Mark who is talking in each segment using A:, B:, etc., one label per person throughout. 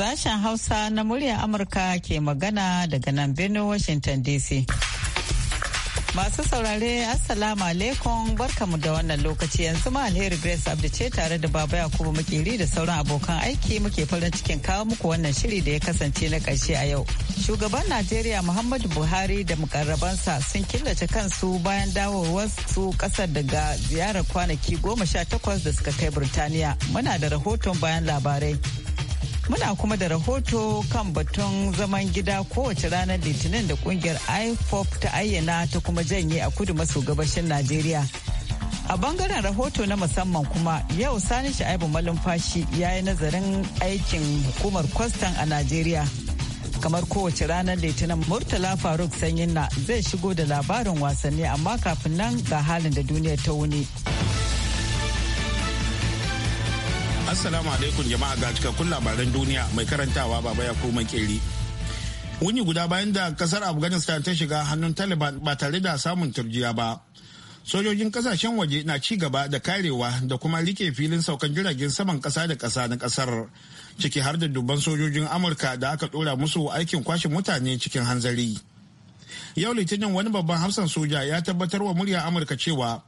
A: Sashen Hausa na muryar Amurka ke magana daga nan Benin Washington DC. Masu saurare Assalamu alaikum barkamu da wannan lokaci yanzu ma alheri Grace Abdi ce tare da Baba Yakubu Makeri da sauran abokan aiki muke farin cikin kawo muku wannan shiri da ya kasance na ƙarshe a yau. Shugaban Najeriya Muhammadu Buhari da mukarrabansa sun killace kansu bayan dawowar su kasar daga ziyarar kwanaki goma sha takwas da suka kai burtaniya Muna da rahoton bayan labarai. Muna kuma da rahoto kan batun zaman gida kowace ranar Litinin da kungiyar IPOP ta ayyana ta kuma janye a kudu maso gabashin Najeriya. A bangaren rahoto na musamman kuma yau sani sha'ibu malumfashi ya yi nazarin aikin hukumar kwastan a Najeriya. Kamar kowace ranar Litinin Murtala Faruk Sanyinna zai shigo da labarin wasanni amma kafin nan ga halin da
B: duniya ta wuni. Assalamu alaikum jama'a ga cikakkun labaran duniya mai karantawa baba ya kuma keri. Wuni guda bayan da kasar Afghanistan ta shiga hannun Taliban ba tare da samun turjiya ba. Sojojin kasashen waje na ci gaba da karewa da kuma rike filin saukan jiragen saman kasa da kasa na kasar. Ciki har da dubban sojojin Amurka da aka dora musu aikin kwashe mutane cikin hanzari. Yau Litinin wani babban hafsan soja ya tabbatar wa murya Amurka cewa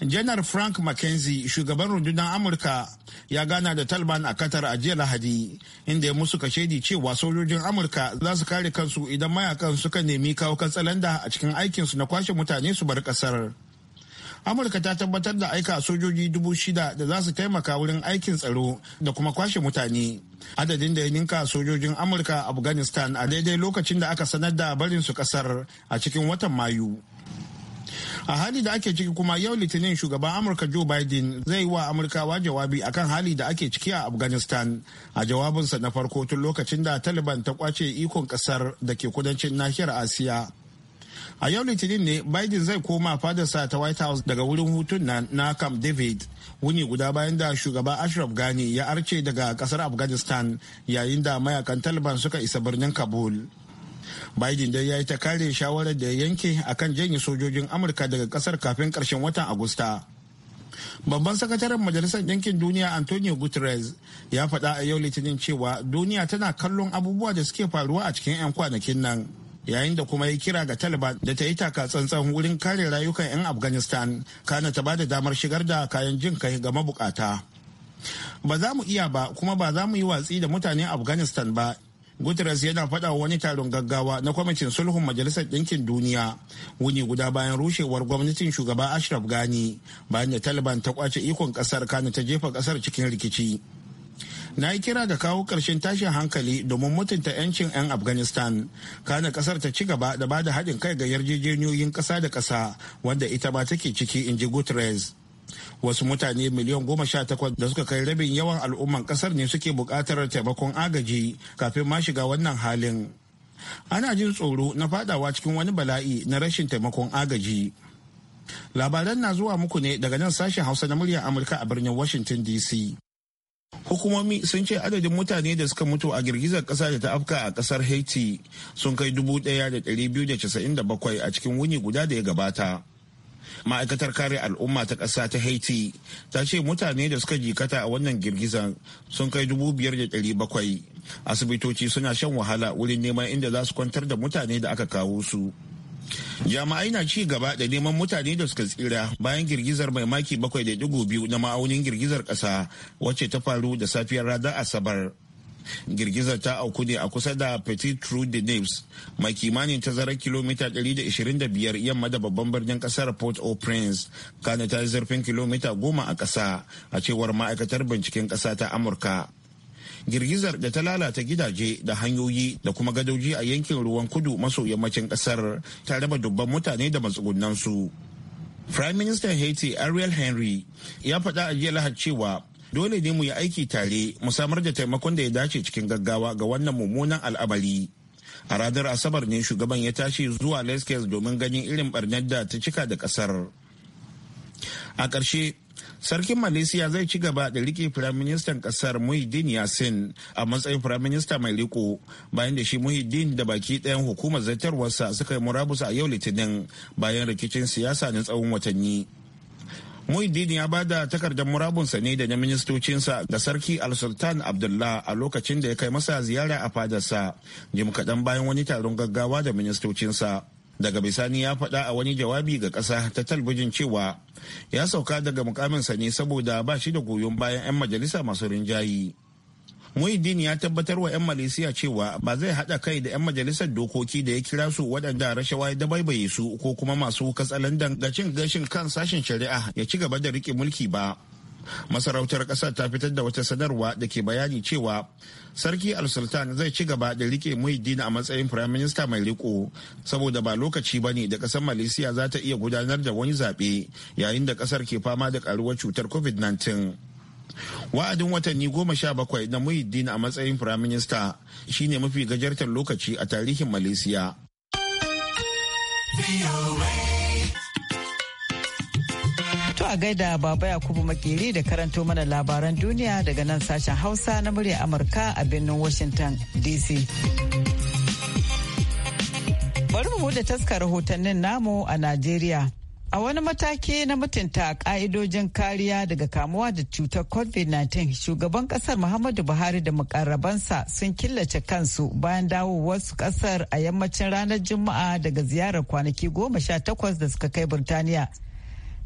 B: janar frank mckenzie shugaban rundunar amurka ya gana da taliban a katar a jiya lahadi inda ya musu kashedi cewa sojojin amurka za su kare kansu idan mayakan suka nemi kawo katsalanda a cikin aikinsu na kwashe mutane su bar kasar amurka ta tabbatar da aika sojoji dubu shida da za su taimaka wurin aikin tsaro da kuma kwashe mutane adadin da ya ninka sojojin amurka afghanistan a daidai lokacin da aka sanar da barin su kasar a cikin watan mayu a hali da ake ciki kuma yau litinin shugaban amurka joe biden zai wa amurkawa jawabi akan hali da ake ciki a afghanistan a jawabinsa na farko tun lokacin da taliban ta kwace ikon kasar da ke kudancin nahiyar asiya a yau litinin ne biden zai koma fadarsa ta white house daga wurin hutun nan na camp david wuni guda bayan da shugaba ashraf ghani ya arce daga kasar afghanistan yayin da mayakan taliban suka isa birnin kabul biden dai ya yi ta kare shawarar da ya yanke akan janye sojojin amurka daga kasar kafin karshen watan agusta babban sakataren majalisar ɗinkin duniya antonio guterres ya faɗa a yau litinin cewa duniya tana kallon abubuwa da suke faruwa a cikin 'yan kwanakin nan yayin da kuma ya kira ga taliban da ta yi taka tsantsan wurin kare rayukan 'yan afghanistan kana ta bada damar shigar da kayan jin kai ga mabukata ba za mu iya ba kuma ba za mu yi watsi da mutane afghanistan ba Guterres yana faɗa wani taron gaggawa na kwamitin sulhun Majalisar Ɗinkin Duniya wuni guda bayan rushewar gwamnatin shugaba Ashraf gani bayan da Taliban ta kwace ikon ƙasar kana ta jefa ƙasar cikin rikici. Na yi kira ga kawo ƙarshen tashin hankali domin mutunta 'yancin 'yan Afghanistan. Kana ƙasar ta ci gaba da bada haɗin kai ga yarjejeniyoyin ƙasa da ƙasa wanda ita ba take ciki in ji Guterres. wasu mutane miliyan goma sha takwas da suka kai rabin yawan al'umman kasar ne suke buƙatar taimakon agaji kafin ma shiga wannan halin ana jin tsoro na fadawa cikin wani bala'i na rashin taimakon agaji labaran na zuwa muku ne daga nan sashen hausa na muryar amurka a birnin washington dc hukumomi sun ce adadin mutane da suka mutu a girgizar kasa da ta afka a kasar haiti sun kai 1297 a cikin wuni guda da ya gabata ma'aikatar kare al'umma ta ƙasa ta haiti ta ce mutane da suka jikata a wannan girgizar sun kai dubu biyar da ɗari bakwai asibitoci suna shan wahala wurin neman inda za su kwantar da mutane da aka kawo su jama'ai na ci gaba da neman mutane da suka tsira bayan girgizar mai maki bakwai da digo biyu na ma'aunin girgizar ƙasa wacce ta faru da safiyar ranar asabar girgizar ta auku ne a kusa da petit trou de neves mai kimanin tazarar kilomita 125 yamma da babban birnin kasar port au prince kana ta yi zarfin kilomita 10 a ƙasa a cewar ma'aikatar binciken ƙasa ta amurka girgizar da ta lalata gidaje da hanyoyi da kuma gadoji a yankin ruwan kudu maso yammacin kasar ta raba dubban mutane da matsugunansu. Prime Minister Haiti Ariel Henry ya faɗa a jiya Lahad cewa dole ne mu yi aiki tare mu samar da taimakon da ya dace cikin gaggawa ga wannan mummunan al'amari a ranar asabar ne shugaban ya tashi zuwa leskes domin ganin irin barnar da ta cika da kasar a ƙarshe sarkin malaysia zai ci gaba da rike firaministan ƙasar muhiddin yasin a matsayin firaminista mai riko bayan da shi muhiddin da baki ɗayan hukumar zartarwarsa suka yi murabusa a yau litinin bayan rikicin siyasa na tsawon watanni Muhiddin ya ba da takardar murabunsa ne da na ministocinsa da sarki Al-Sultan Abdullah a lokacin da ya kai masa ziyara a fadarsa, jim kaɗan bayan wani taron gaggawa da ministocinsa. Daga bisani ya faɗa a wani jawabi ga ƙasa ta talbijin cewa ya sauka daga mukaminsa ne saboda ba shi da goyon bayan 'yan majalisa masu rinjayi. muhiddin ya tabbatar wa 'yan malaysiya cewa ba zai haɗa kai da 'yan majalisar dokoki da ya kira su waɗanda rashawa ya dabaibaye su ko kuma masu katsalandan ga cin gashin kan sashen shari'a ya ci gaba da riƙe mulki ba masarautar ƙasar ta fitar da wata sanarwa da ke bayani cewa sarki al-sultan zai ci gaba da riƙe muhiddin a matsayin prime minister mai riko saboda ba lokaci ba ne da ƙasar malaysia za ta iya gudanar da wani zaɓe yayin da ƙasar ke fama da ƙaruwar cutar covid-19 wa'adin watanni goma sha bakwai na muhiddin a matsayin firaminista shine mafi gajartar lokaci a tarihin malaysia
A: To a gaida Baba Yakubu Makeri da karanto mana labaran duniya daga nan sashen Hausa na muryar Amurka a birnin Washington DC. Bari mu da taskar rahotannin namu a Najeriya. A wani mataki na mutunta ka'idojin kariya daga kamuwa da cutar COVID-19, shugaban kasar Muhammadu Buhari da mukarrabansa sun killace kansu bayan dawowarsu ƙasar, a yammacin ranar Juma'a daga ziyarar kwanaki goma sha takwas da suka kai Burtaniya.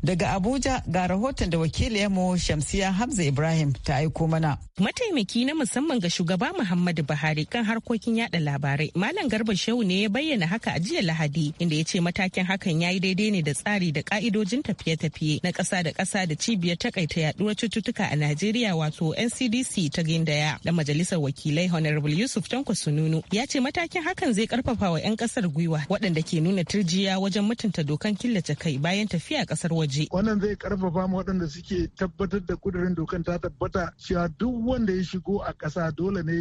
A: Daga Abuja ga rahoton da wakiliyarmu Shamsiya Hamza Ibrahim ta aiko mana.
C: Mataimaki na musamman ga shugaba Muhammadu Buhari kan harkokin yada labarai Malam Garba Shehu ne ya bayyana haka a jiya Lahadi inda ya ce matakin hakan ya yi daidai ne da tsari da ka'idojin tafiye-tafiye na ƙasa da ƙasa da cibiyar takaita yaduwar cututtuka a Najeriya wato NCDC ta gindaya da majalisar wakilai Honorable Yusuf Tanko Sununu ya ce matakin hakan zai karfafa wa 'yan ƙasar gwiwa waɗanda ke nuna turjiya wajen mutunta dokan killace kai bayan tafiya ƙasar waje. waje. Wannan
D: zai karfafa mu waɗanda suke tabbatar da kudurin dokan ta tabbata cewa duk wanda ya shigo a ƙasa dole ne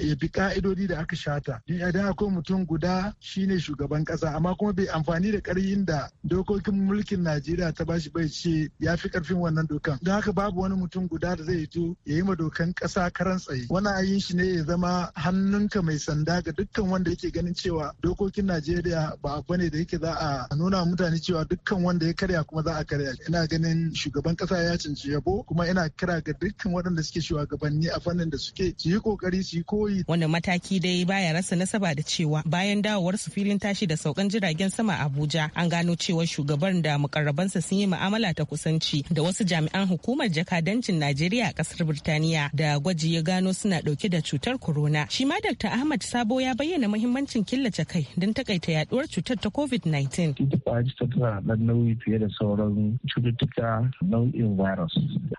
D: ya bi ka'idodi da aka shata. Idan akwai mutum guda shine shugaban ƙasa amma kuma bai amfani da ƙarfin da dokokin mulkin Najeriya ta bashi bai ce ya fi ƙarfin wannan dokan. Don haka babu wani mutum guda da zai zo ya yi ma dokan ƙasa karan tsaye. Wani ayin shi ne ya zama hannunka mai sanda ga dukkan wanda yake ganin cewa dokokin Najeriya ba abu ne da yake za a nuna mutane cewa dukkan wanda ya karya kuma za a karya ina ganin shugaban kasa ya cinci yabo kuma ina kira ga dukkan waɗanda suke shugabanni a fannin da suke
C: su yi kokari su yi koyi wannan mataki dai baya rasa nasaba da cewa bayan dawowar su filin tashi da saukan jiragen sama Abuja an gano cewa shugaban da mukarrabansa sun yi mu'amala ta kusanci da wasu jami'an hukumar jakadancin Najeriya a kasar Birtaniya da gwaji ya gano suna dauke da cutar corona shi ma Dr. Ahmad Sabo ya bayyana muhimmancin killace kai don takaita yaduwar cutar ta COVID-19
E: ita tana da nauyi fiye da sauran cututtuka nau'in virus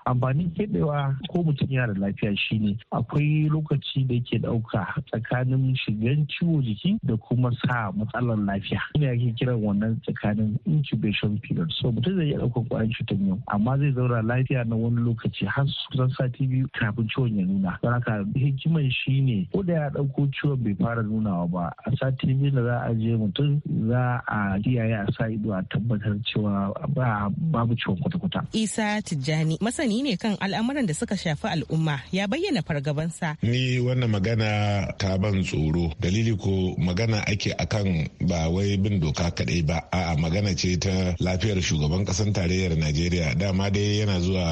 E: amfanin keɓewa ko mutum yana da lafiya shine akwai lokaci da yake ɗauka tsakanin shigan ciwo jiki da kuma sa matsalar lafiya ina yake kiran wannan tsakanin incubation period so mutum zai iya ɗaukar ƙwayar cutar yau amma zai zauna lafiya na wani lokaci har kusan sati biyu kafin ciwon ya nuna don haka hikiman shine ko da ya ɗauko ciwon bai fara nunawa ba a sati biyu da za a je mutum za a kiyaye a sa ido a tabbatar cewa ba babu ciwon kwata-kwata.
C: Isa Tijjani masani ne kan al'amuran da suka shafi al'umma ya bayyana fargabansa.
B: Ni wannan magana ta ban tsoro dalili ko magana ake akan ba wai bin doka kadai ba a'a magana ce ta lafiyar shugaban kasan tarayyar Najeriya dama dai yana zuwa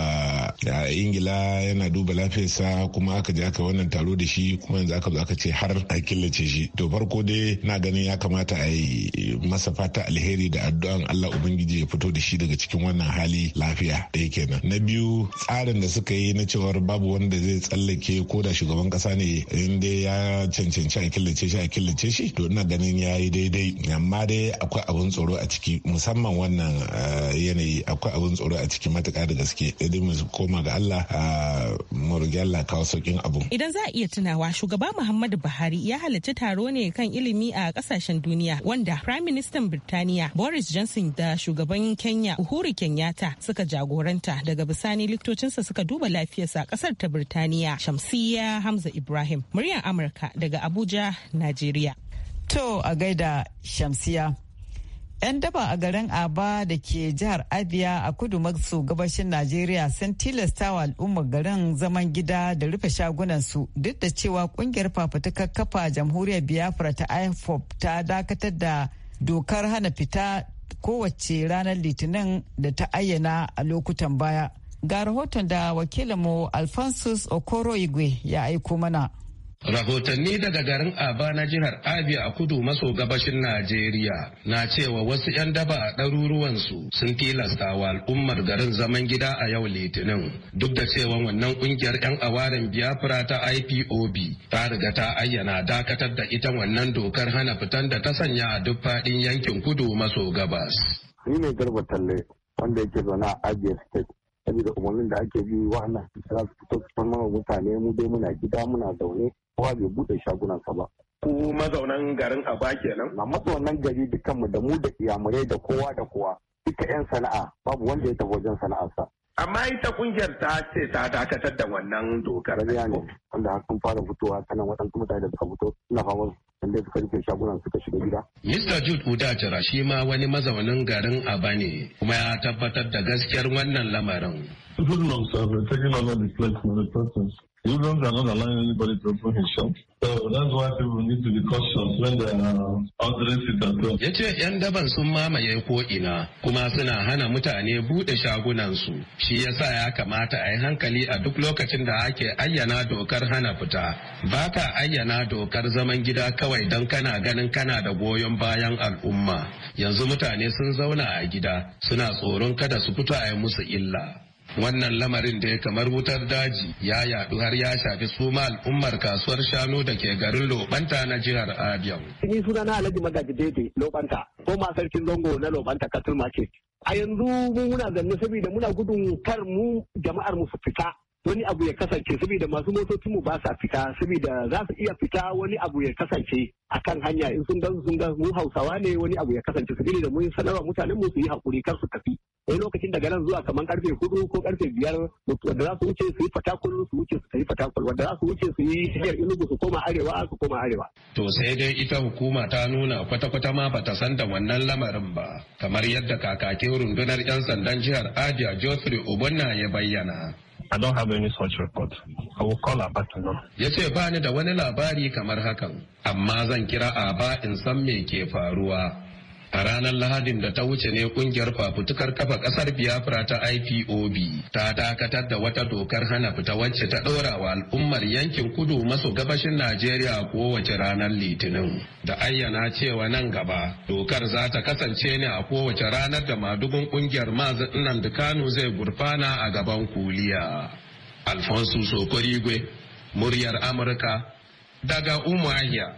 B: a Ingila yana duba lafiyarsa kuma aka je aka wannan taro da shi kuma yanzu aka zo aka ce har a killace shi to farko dai na ganin ya kamata a yi masa fata alheri da addu'an Allah Ubangiji ya fito da shi daga cikin cikin wannan hali lafiya da yake nan na biyu tsarin da suka yi na cewar babu wanda zai tsallake ko da shugaban kasa ne in dai ya cancanci a killace shi a killace shi to ina ganin ya yi daidai amma dai akwai abin tsoro a ciki musamman wannan eh, yanayi akwai abin tsoro a ciki matuƙa da gaske idan mu koma ga Allah ah, mu riga Allah kawo saukin abu
C: idan za a iya tunawa shugaba Muhammadu Buhari ya halarci taro ne kan ilimi a kasashen duniya wanda Prime Minister Birtaniya Boris Johnson da shugaban Kenya Uhuru Kuri Kenyatta suka jagoranta daga bisani liktocinsa suka duba lafiyarsa a kasar ta Birtaniya Shamsiyya Hamza Ibrahim muryar Amurka daga Abuja, Najeriya. To a gaida
A: Shamsiya. 'Yan daba a garin Aba da ke jihar Abia a kudu maso gabashin Najeriya sun tilasta wa al'ummar garin zaman gida da rufe shagunansu duk da cewa ƙungiyar fafutukar kafa jamhuriyar Biafra ta IFOP ta dakatar da dokar hana fita kowace ranar litinin da ta ayyana a lokutan baya. Ga rahoton da wakilinmu Alphonsus Okoro ya aiko
F: mana. Rahotanni daga garin Aba na jihar Abia a kudu maso gabashin Najeriya na cewa wasu 'yan daba a ɗaruruwansu sun tilasta wa al'ummar garin zaman gida a yau Litinin. Duk da cewa wannan kungiyar 'yan awarin Biafra ta IPOB ta riga ta ayyana dakatar da ita wannan dokar hana fitan da ta sanya a duk faɗin yankin kudu maso gabas.
E: Ni ne Garba Talle wanda yake zaune a Abia State. saboda umarnin da ake bi wa'annan za su fito su wa mutane mu dai muna gida muna zaune kowa bai buɗe shagunansa ba
F: ku mazaunan garin aba kenan na mazaunan
E: gari dukanmu da mu da iyamurai da kowa da kowa duka 'yan sana'a babu wanda ya tafi wajen sana'arsa amma ita kungiyar ta ce ta dakatar da wannan dokar. ne ne wanda har fara fitowa kana wadan kuma mutane da suka fito na fama inda suka rike shagunan suka shiga gida.
F: Mr. Jude Udachara shi ma wani mazaunin garin Aba ne kuma ya tabbatar da gaskiyar wannan lamarin.
G: taking another persons. Humans are not allowing anybody to open his shop. So that's why people need to be cautious when they are ordering it
F: at home. Ya ce 'yan daban sun mamaye ko'ina kuma suna hana mutane buɗe shagunansu. Shi ya sa ya kamata a yi hankali a duk lokacin da ake ayyana dokar hana fita. Ba ka ayyana dokar zaman gida kawai don kana ganin kana da goyon bayan al'umma. Yanzu mutane sun zauna a gida suna tsoron kada su fito a musu illa. wannan lamarin da ya kamar wutar daji ya yadu har ya shafi suma al'ummar kasuwar shanu da ke garin lobanta na jihar abiyan
E: ni suna na alhaji magaji daidai lobanta ko ma sarkin zango na lobanta katul market a yanzu mun muna zanne saboda muna gudun kar mu jama'ar mu su fita wani abu ya kasance saboda masu motocin mu ba sa fita saboda za su iya fita wani abu ya kasance akan hanya in sun gansu sun ga mu Hausawa ne wani abu ya kasance saboda mun sanarwa mutanen mu su yi hakuri kar su tafi wani lokacin daga nan zuwa kamar karfe hudu ko karfe biyar wanda za su wuce su yi fatakul su wuce su yi fatakul wanda za su wuce su yi hanyar inugu su koma arewa su koma arewa.
F: to sai dai ita hukuma ta nuna kwata-kwata ma bata san da wannan lamarin ba kamar yadda kakakin rundunar 'yan sandan jihar abia geoffrey obonna ya bayyana. I don't have any such report. I will call Abatunum. Ya ce ba ni da wani labari kamar hakan, amma zan kira ba in san me ke faruwa. a ranar lahadin da ta wuce ne kungiyar fafutukar kafa kasar biafra ta ipob ta dakatar da wata dokar hana fita wacce ta ɗora wa al'ummar yankin kudu maso gabashin najeriya kowace ranar litinin da ayyana cewa nan gaba dokar za ta kasance ne a kowace ranar da madugun kungiyar mazin da kano zai gurfana a gaban kuliya alfonso sokorigwe muryar amurka daga umuahia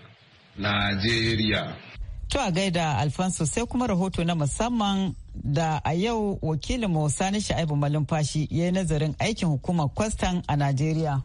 F: najeriya
A: To a gaida Alfonso sai kuma rahoto na musamman da a yau wakilin sani sani Sha'ibu Malumfashi ya yi nazarin aikin hukumar kwastan a Najeriya.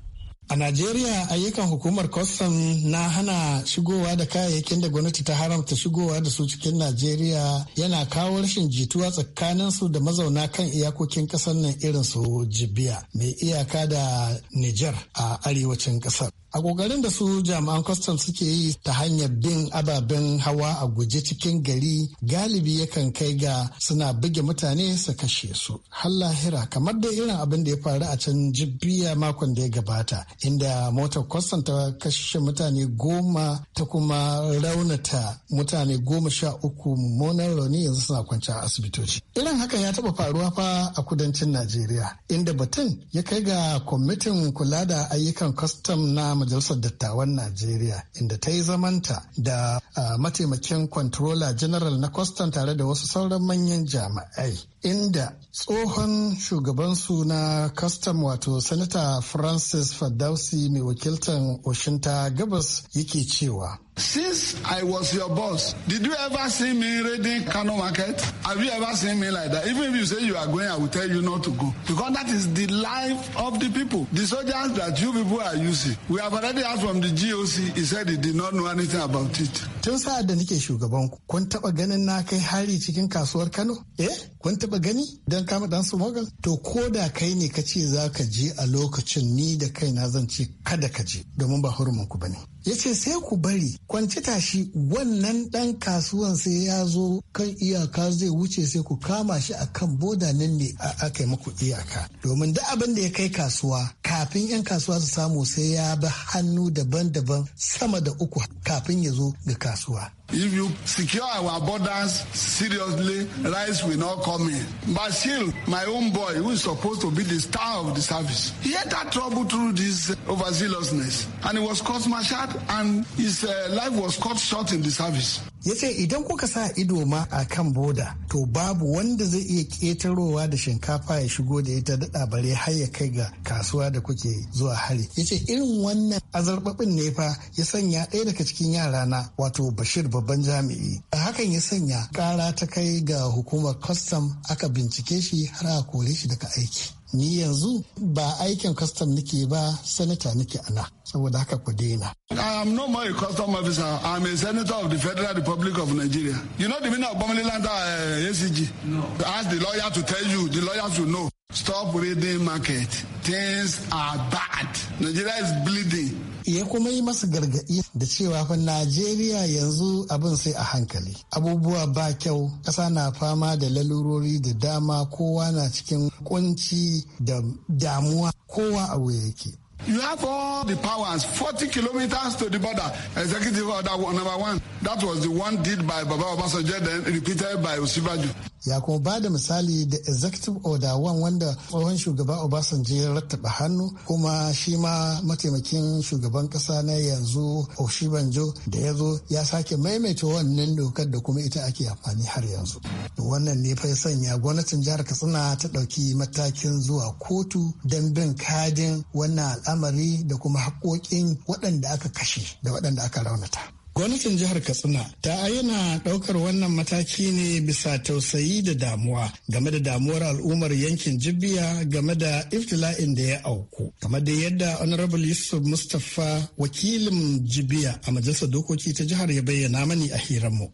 A: A Najeriya
D: ayyukan hukumar kwastan na hana shigowa da kayayyakin da gwamnati ta haramta shigowa da su cikin Najeriya yana kawo rashin jituwa tsakanin su da mazauna kan iyakokin kasar nan irin su Jibiya mai iyaka da Nijar a arewacin kasar. a kokarin da su jami'an kwastam suke yi ta hanyar bin ababen hawa a guje cikin gari galibi yakan kai ga suna buge mutane su kashe su har kamar da irin abin da ya faru a can jibbiya makon da ya gabata inda motar kwastam ta kashe mutane goma ta kuma raunata mutane goma sha uku mummunan rauni yanzu suna kwanci a asibitoci irin haka ya taba faruwa fa a kudancin najeriya inda batun ya kai ga kwamitin kula da ayyukan kwastam na majalisar dattawan najeriya inda ta yi zamanta da mataimakin controller general na kwastan tare da wasu sauran manyan jami'ai inda tsohon shugabansu na kwastan wato sanata francis fadausi mai wakiltan oshinta gabas yake cewa
G: Since I was your boss, did you ever see me raiding Kano market? Have you ever seen me like that? Even if you say you are going, I will tell you not to go. Because that is the life of the people. The soldiers that you people are using. We have already asked from the GOC. He said he did not know anything about it. Tun sa'ad da nake shugaban ku, kun
D: taba ganin na kai hari cikin kasuwar Kano? Eh, kun taba gani dan kama dan su To ko da kai ne ka ce za ka je a lokacin ni da kaina zan ce kada ka je domin ba hurumin ku bane. ya ce sai ku bari kwanci tashi wannan ɗan kasuwan sai ya zo kan iyaka zai wuce sai ku kama shi a kan boda nan ne aka yi muku iyaka domin duk abin da ya kai kasuwa kafin 'yan kasuwa su samu sai ya bi hannu daban-daban sama da uku kafin ya zo ga kasuwa
G: If you secure our borders seriously, rice will not come in. But still, my own boy, who is supposed to be the star of the service, he had that trouble through this uh, overzealousness. And he was caught martialed and his uh, life was cut short in the service. ya ce idan kuka
D: sa ido ma a kan boda to babu wanda zai iya ƙetarowa da shinkafa ya shigo da ita daɗa bare har ya kai ga kasuwa da kuke zuwa hari ya ce irin wannan azarbaɓin ne fa ya sanya ɗaya daga cikin yara na wato bashir babban jami'i a hakan ya sanya ƙara ta kai ga hukumar kwastam aka bincike shi har a kore shi daga aiki ni yanzu ba aikin custom nake ba sanata nake ana saboda haka ku daina
G: I am no more custom officer. am a senator of the Federal Republic of Nigeria. You know the meaning of Bomililanda uh, eh, ACG? No. Ask the lawyer to tell you. The lawyer will know. Stop reading market. Things are bad. Nigeria is bleeding.
D: ya kuma yi masa gargaɗi da cewa fa najeriya yanzu abin sai a hankali abubuwa ba kyau ƙasa na fama da lalurori da dama kowa na cikin kunci da damuwa kowa a yake
G: You have all the powers, 40 kilometers to the border. Executive order number one. That was the one did by Baba Obasanjo then repeated by Usibaju.
D: Ya kuma ba da misali da executive order one wanda tsohon shugaba Obasanjo ya rattaba hannu kuma shi ma mataimakin shugaban kasa na yanzu Oshibanjo da ya zo ya sake maimaita wannan dokar da kuma ita ake amfani har yanzu. Wannan ne fa sanya gwamnatin jihar Katsina ta ɗauki matakin zuwa kotu don bin kadin wannan al'amari al'amari da kuma haƙoƙin waɗanda aka kashe da waɗanda aka raunata. Gwamnatin jihar Katsina ta ayyana ɗaukar wannan mataki ne bisa tausayi da damuwa game da damuwar al'ummar yankin Jibiya game da iftila'in da ya auku. Kamar da yadda Honorable Yusuf Mustapha wakilin Jibiya a Majalisar Dokoki ta jihar ya bayyana mani a hiranmu.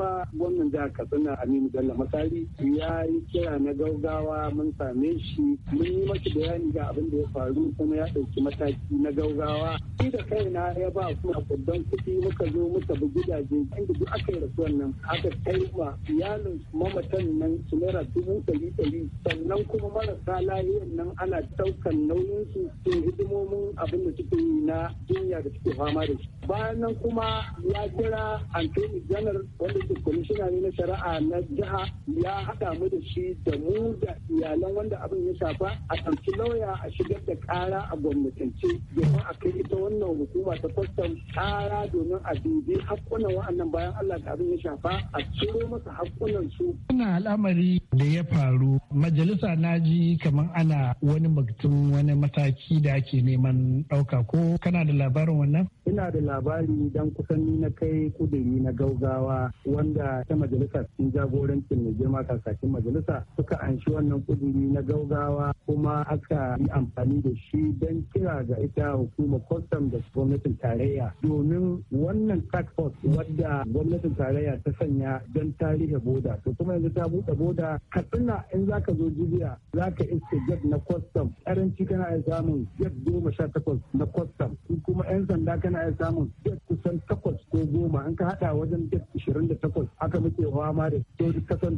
E: dama gwamnan jihar katsina aminu bello masari ya yi kira na gaugawa mun same shi mun yi maki bayani ga abin da ya faru kuma ya ɗauki mataki na gaugawa shi da kaina ya ba su kudin kuɗi muka zo muka bi gidaje inda duk aka yi rasu nan aka kai ma iyalin mamatan nan su naira dubu ɗari ɗari sannan kuma marasa lahiyar nan ana ɗaukan nauyin su sun hidimomin abin da suke yi na jinya da suke fama da shi bayan nan kuma ya kira antoni janar wanda kwamishina ne na shari'a na jiha ya haɗa mu da shi da mu da iyalan wanda abin ya shafa a ɗauki lauya a shigar da ƙara a gwamnatance domin a kai ita wannan hukuma ta kwastam ƙara domin a dubi haƙƙunan wa'annan bayan Allah da abin ya shafa a ciro masa haƙƙunan su.
D: Ina al'amari da ya faru majalisa na ji kamar ana wani mutum wani mataki da ake neman ɗauka ko kana da
E: labarin wannan? ina da labari don kusan ni na kai kuduri na gaugawa wanda ta majalisa cikin jagorancin mai girma kakakin majalisa suka anshi wannan kuduri na gaugawa kuma aka yi amfani da shi don kira ga ita hukumar kwastam da gwamnatin tarayya domin wannan takfos wadda gwamnatin tarayya ta sanya don tarihi boda to kuma yanzu ta buɗe boda katsina in za ka zo jibiya ka iske jet na kwastam karanci kana samun jet goma sha takwas na kwastam kuma 'yan sanda kana ana yin samun get kusan takwas ko goma an ka hada wajen get ashirin da takwas haka muke fama da to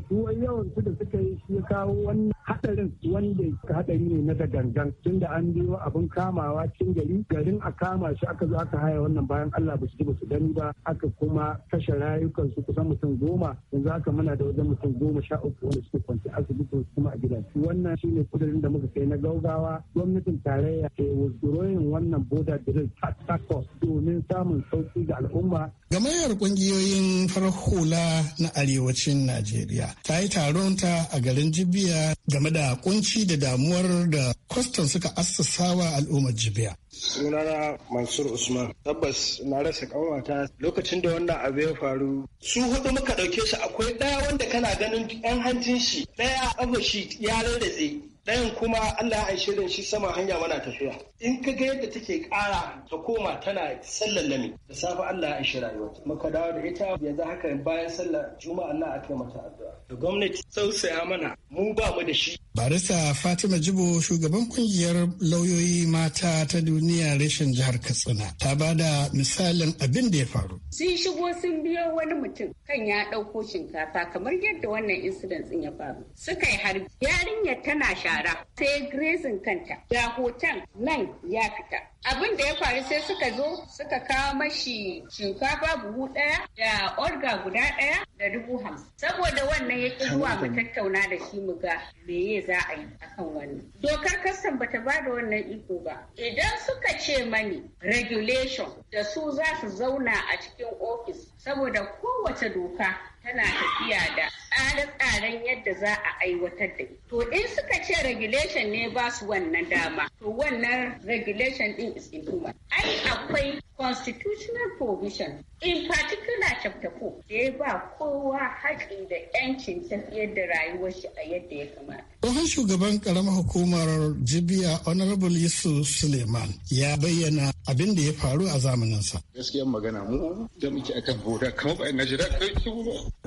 E: tuwon yawan su da suka yi shi ya kawo wannan hadarin wanda hadari ne na da gangan tunda an biyo abin kamawa cin gari garin a kama shi aka zo aka haya wannan bayan Allah ba su ji ba su gani ba aka kuma kashe rayukan su kusan mutum goma yanzu aka muna da wajen mutum goma sha uku wanda suke kwanci asibiti kuma a gidan wannan shine kudirin da muka kai na gaugawa gwamnatin tarayya ke withdrawing wannan border drill task force domin samun sauki ga al'umma
D: gamayyar kungiyoyin farar hula na arewacin najeriya ta yi taron ta a garin jibiya game da kunci da damuwar da kwastan suka assasawa al'ummar jibiya.
E: sunana mansur usman tabbas na rasa kawata lokacin da wannan abu ya faru su hudu muka dauke shi akwai daya wanda kana ganin yan hancin shi daya abu shi ya rarratse ɗayan kuma Allah ya aishe da shi sama hanya mana tafiya in ka ga yadda take ƙara ta koma tana sallar lami da safe Allah ya aishe rayuwa maka dawo da ita yanzu haka bayan sallar juma'a na kai mata addu'a da gwamnati tausaya mana mu ba mu da shi
D: barista Fatima Jibo shugaban kungiyar lauyoyi mata ta duniya rashin jihar Katsina ta bada misalin abin da ya faru
C: sun shigo sun biyo wani mutum kan ya ɗauko shinkafa kamar yadda wannan incident ya faru suka yi harbi yarinyar tana sha yara sai grazing kanta ga hoton nan ya fita abin da ya faru sai suka zo suka kawo mashi shinkafa buhu ɗaya da orga guda ɗaya da dubu hamsin saboda wannan ya ƙi zuwa mu tattauna da shi mu ga meye za a yi akan wannan dokar kasan bata ba da wannan iko ba idan suka ce mani regulation da su za su zauna a cikin ofis saboda kowace doka tana tafiya da tsare-tsaren yadda za a aiwatar da ita. To in suka ce regulation ne ba su wannan dama, to wannan regulation din is inhuman. Ai akwai constitutional provision in particular chapter 4 da ya ba kowa haƙi da 'yancin tafiyar da rayuwar shi a yadda ya kamata.
D: Tsohon shugaban ƙaramar hukumar Jibiya Honorable Yusuf Suleiman ya bayyana abin da ya faru a zamaninsa.
H: Gaskiyar magana mu da muke akan kamar na jira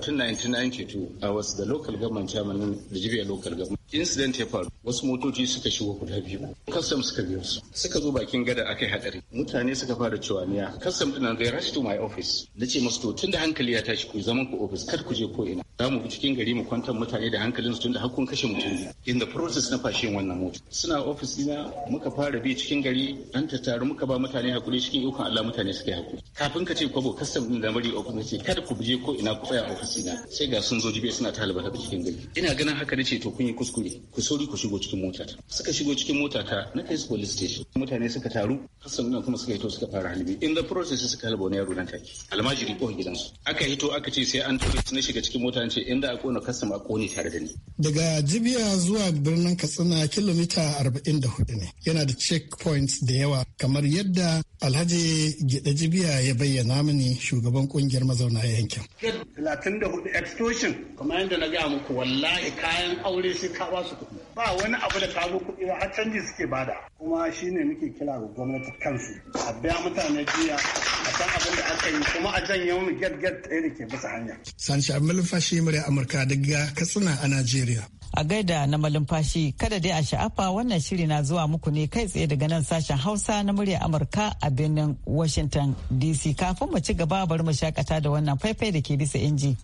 H: Tun 1992 a wasu da local government chairman da jibiya local government. Incident ya faru wasu motoci suka shigo guda biyu. Custom suka biyo su. Suka zo bakin gada akai yi hadari. Mutane suka fara cewa niya. Custom din zai rush to my office. Na ce masu to tunda hankali ya tashi ku zaman ku office kar ku je ko ina. Za mu bi cikin gari mu kwantar mutane da hankalin tun da har kun kashe mutum. In the process na fashin wannan mota. Suna office dina muka fara bi cikin gari dan tattaru muka ba mutane hakuri cikin ikon Allah mutane suka yi hakuri. Kafin ka ce kwabo custom ɗin da mari office ce kada ku je ko ina ku tsaya hasina sai ga sun zo jibe suna ta halbata da cikin gari ina ganin haka nace to kun yi kuskure ku sauri ku shigo cikin mota ta suka shigo cikin mota ta na kai su police station mutane suka taru hassan nan kuma suka hito suka fara halbi in the process suka halba wani yaro nan take almajiri ko gidansu aka hito aka ce sai an tura na shiga cikin mota ce inda a kona kasam a kone tare da ni
D: daga jibiya zuwa birnin katsina kilomita 44 ne yana da checkpoints da yawa kamar yadda alhaji gida jibiya ya bayyana mini shugaban kungiyar mazauna yankin
E: 64 extortion kamar yadda na gaya muku wallahi kayan aure sai ka ba su kuɗi ba wani abu da kago kuɗi ba har canji suke bada kuma shine muke kira ga gwamnati kansu a biya mutane jiya a san abin da aka yi kuma a janye wani get get ɗaya da ke bisa hanya.
D: Sanshi Abmelfashi murya Amurka daga Katsina a Najeriya. a gaida na malumfashi kada dai a
A: sha'afa wannan shiri na zuwa muku ne kai tsaye daga nan sashen hausa na murya amurka a birnin washington dc kafin mu ci gaba bari mu shakata da wannan faifai da ke bisa inji.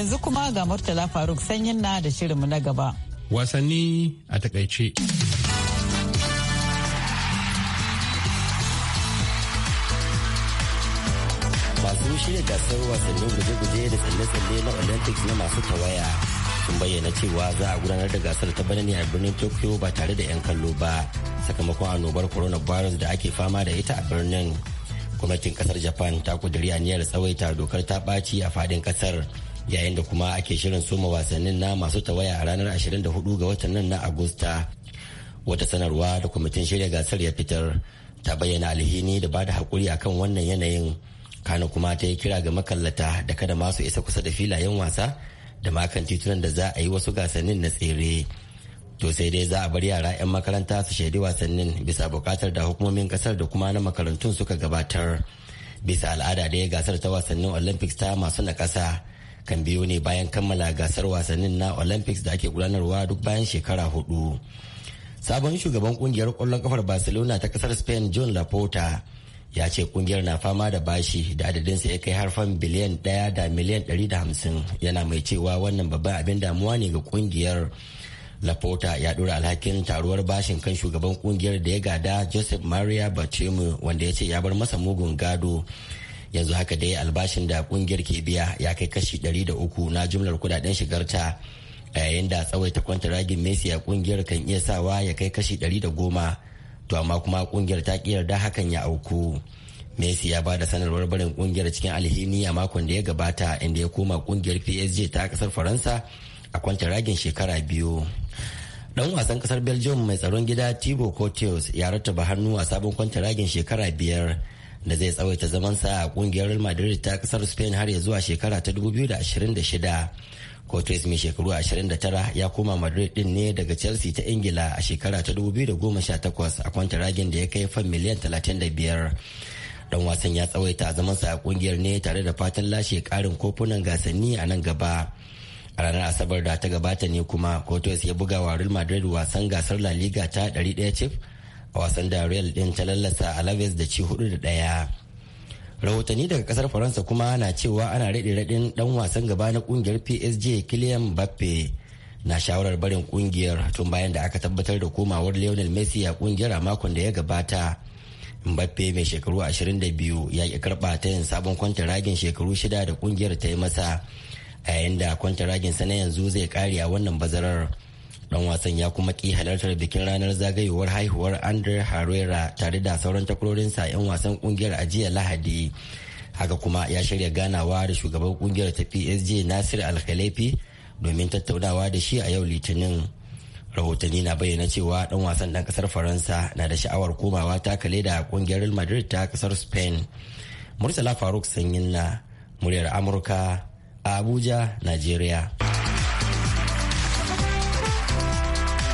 A: Yanzu kuma ga Murtala Faruk sanyin na da shirinmu na gaba.
H: Wasanni a takaice.
I: Masu shirya gasar wasanni guje-guje da tsalle-tsalle na Olympics na masu tawaya sun bayyana cewa za a gudanar da gasar ta banani a birnin Tokyo ba tare da 'yan kallo ba sakamakon annobar coronavirus da ake fama da ita a birnin. Gwamnatin kasar Japan ta a aniyar tsawaita dokar ta ɓaci a faɗin kasar. yayin da kuma ake shirin soma wasannin na masu tawaya a ranar 24 ga watan nan na agusta wata sanarwa da kwamitin shirya gasar ya fitar ta bayyana alhini da ba da haƙuri akan wannan yanayin kana kuma ta yi kira ga makallata da kada masu isa kusa da filayen wasa da makan titunan da za a yi wasu gasannin na tsere to sai dai za a bar yara 'yan makaranta su shaidi wasannin bisa buƙatar da hukumomin kasar da kuma na makarantun suka gabatar bisa al'ada dai gasar ta wasannin olympics ta masu na ƙasa kan biyo ne bayan kammala gasar wasannin na olympics da ake gudanarwa duk bayan shekara hudu sabon shugaban kungiyar kwallon kafar barcelona ta kasar spain john laporta ya ce kungiyar na fama da bashi da adadin adadinsa ya kai harfan biliyan daya da miliyan da hamsin yana mai cewa wannan babban abin damuwa ne ga kungiyar laporta ya dora alhakin taruwar bashin kan shugaban kungiyar da ya gada joseph maria bartimu wanda ya ce ya bar masa mugun gado yanzu haka dai albashin da kungiyar ke biya ya kai kashi 300 na jumlar kudaden shigarta a yayin da tsawaita ragin messi a kungiyar kan iya sawa ya kai kashi 110 to amma kuma kungiyar ta ki da hakan ya auku messi ya ba da sanarwar barin kungiyar cikin alhini a makon da ya gabata inda ya koma kungiyar psg ta kasar faransa a kwanta ragin shekara biyu dan wasan kasar belgium mai tsaron gida tibo coteus ya rattaba hannu a sabon kwanta ragin shekara biyar da zai tsawaita zamansa a kungiyar real madrid ta kasar spain har ya zuwa shekara ta 2026 cortes mai shekaru 29 ya koma madrid din ne daga chelsea ta ingila a shekara ta 2018 a ragin da ya kai fan miliyan 35 dan wasan ya tsawaita a zamansa a kungiyar ne tare da fatan lashe karin kofunan gasanni a nan gaba a ranar asabar da ta gabata ne kuma cortes ya buga wa real madrid wasan gasar la liga ta 100 cif a wasan da real din ta lallasa alaves da ci hudu da daya rahotanni daga kasar faransa kuma na cewa ana raɗe raɗin dan wasan gaba na kungiyar psg kiliyan mbappe na shawarar barin kungiyar tun bayan da aka tabbatar da komawar lionel messi a kungiyar a makon da ya gabata mbappe mai shekaru 22 ya ki karba ta yin sabon kwanta ragin shekaru shida da kungiyar ta yi masa a yayin da kwanta-ragin sa na yanzu zai kare a wannan bazarar dan wasan ya kuma ki halartar bikin ranar zagayowar haihuwar andre harrera tare da sauran takwarorinsa 'yan wasan kungiyar a jiya lahadi haka kuma ya shirya ganawa da shugaban kungiyar ta psg nasir Al-Khalifi domin tattaunawa da shi a yau litinin rahotanni na bayyana cewa dan wasan dan kasar faransa na da sha'awar komawa takale da kungiyar real madrid ta kasar spain murtala faruk sanyin na muryar amurka a abuja nigeria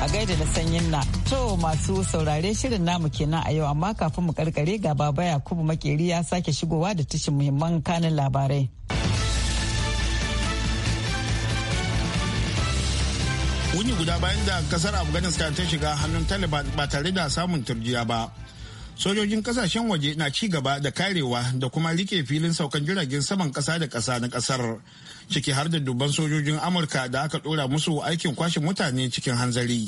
A: a gaida na sanyin na. To masu saurare shirin namu kenan a yau amma kafin mu karkare ga baba Yakubu makeri ya sake shigowa da tashin muhimman kanin labarai.
B: Wuni guda bayan da kasar Afghanistan ta shiga hannun Taliban ba tare da samun turjiya ba. sojojin kasashen waje na ci gaba da karewa da kuma rike filin saukan jiragen saman kasa da kasa na kasar ciki har da dubban sojojin amurka da aka dora musu aikin kwashe mutane cikin hanzari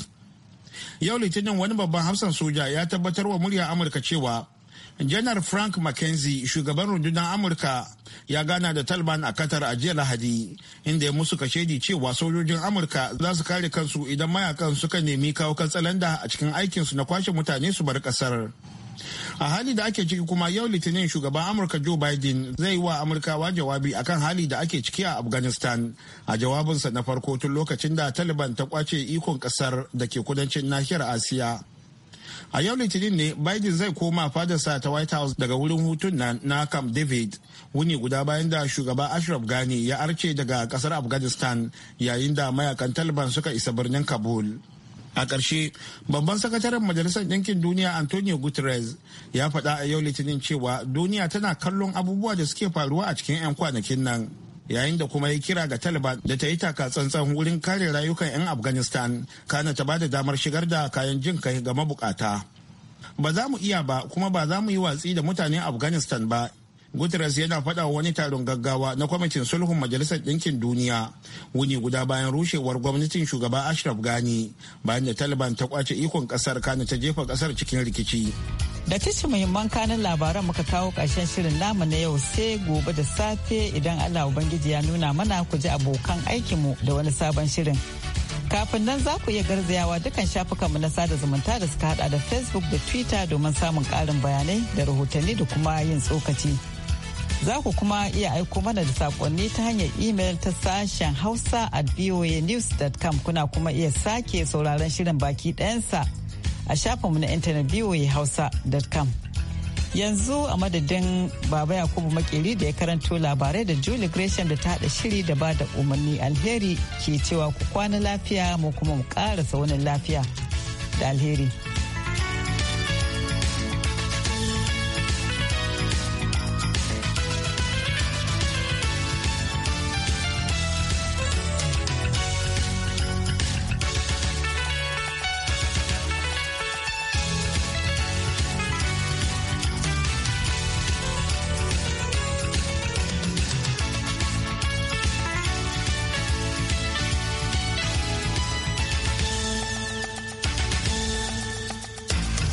B: yau litinin wani babban hafsan soja ya tabbatar wa murya amurka cewa janar frank mckenzie shugaban rundunar amurka ya gana da talban a katar a jiya lahadi inda ya musu kashedi cewa sojojin amurka za su kare kansu idan mayakan suka nemi kawo katsalanda a cikin aikinsu na kwashe mutane su bar kasar a hali da ake ciki kuma yau litinin shugaban amurka joe biden zai wa amurkawa jawabi akan hali da ake ciki a afghanistan a jawabinsa na farko tun lokacin da taliban ta kwace ikon kasar da ke kudancin nahiyar asiya a yau litinin ne biden zai koma fadarsa ta white house daga wurin hutun nan na camp david wuni guda bayan da shugaba ashraf ghani ya arce daga kasar afghanistan yayin da mayakan taliban suka isa birnin kabul a ƙarshe babban sakataren majalisar ɗinkin duniya antonio guterres ya faɗa a yau litinin cewa duniya tana kallon abubuwa da suke faruwa a cikin 'yan kwanakin nan yayin da kuma ya kira ga taliban da ta yi taka tsantsan wurin kare rayukan 'yan afghanistan kana ta bada damar shigar da kayan jin kai ga mabukata ba za mu iya ba kuma ba za mu yi watsi da mutanen afghanistan ba Guterres yana faɗa wani taron gaggawa na kwamitin sulhun Majalisar Ɗinkin Duniya wuni guda bayan rushewar gwamnatin shugaba Ashraf Ghani bayan da Taliban ta kwace ikon ƙasar kana ta jefa ƙasar
I: cikin rikici.
A: Da tashi muhimman kanin labaran muka kawo ƙarshen shirin namu
B: na yau sai
A: gobe da safe idan Allah Ubangiji ya nuna mana ku ji abokan aikinmu da wani sabon shirin. Kafin nan za ku iya garzayawa dukkan shafukanmu na sada zumunta da suka hada da Facebook da Twitter domin samun karin bayanai da rahotanni da kuma yin tsokaci. Za ku kuma iya aiko mana da sakonni ta hanyar imel ta sashen Hausa at voanews.com kuna kuma iya sake sauraron shirin baki ɗayansa a shafinmu na intanet voahausa.com. Yanzu a madadin Baba Yakubu Makeri da ya karanto labarai da Julie Gresham da ta haɗa shiri da ba da umarni alheri ke cewa ku kwana lafiya mu kuma mu ƙarasa wani lafiya da alheri.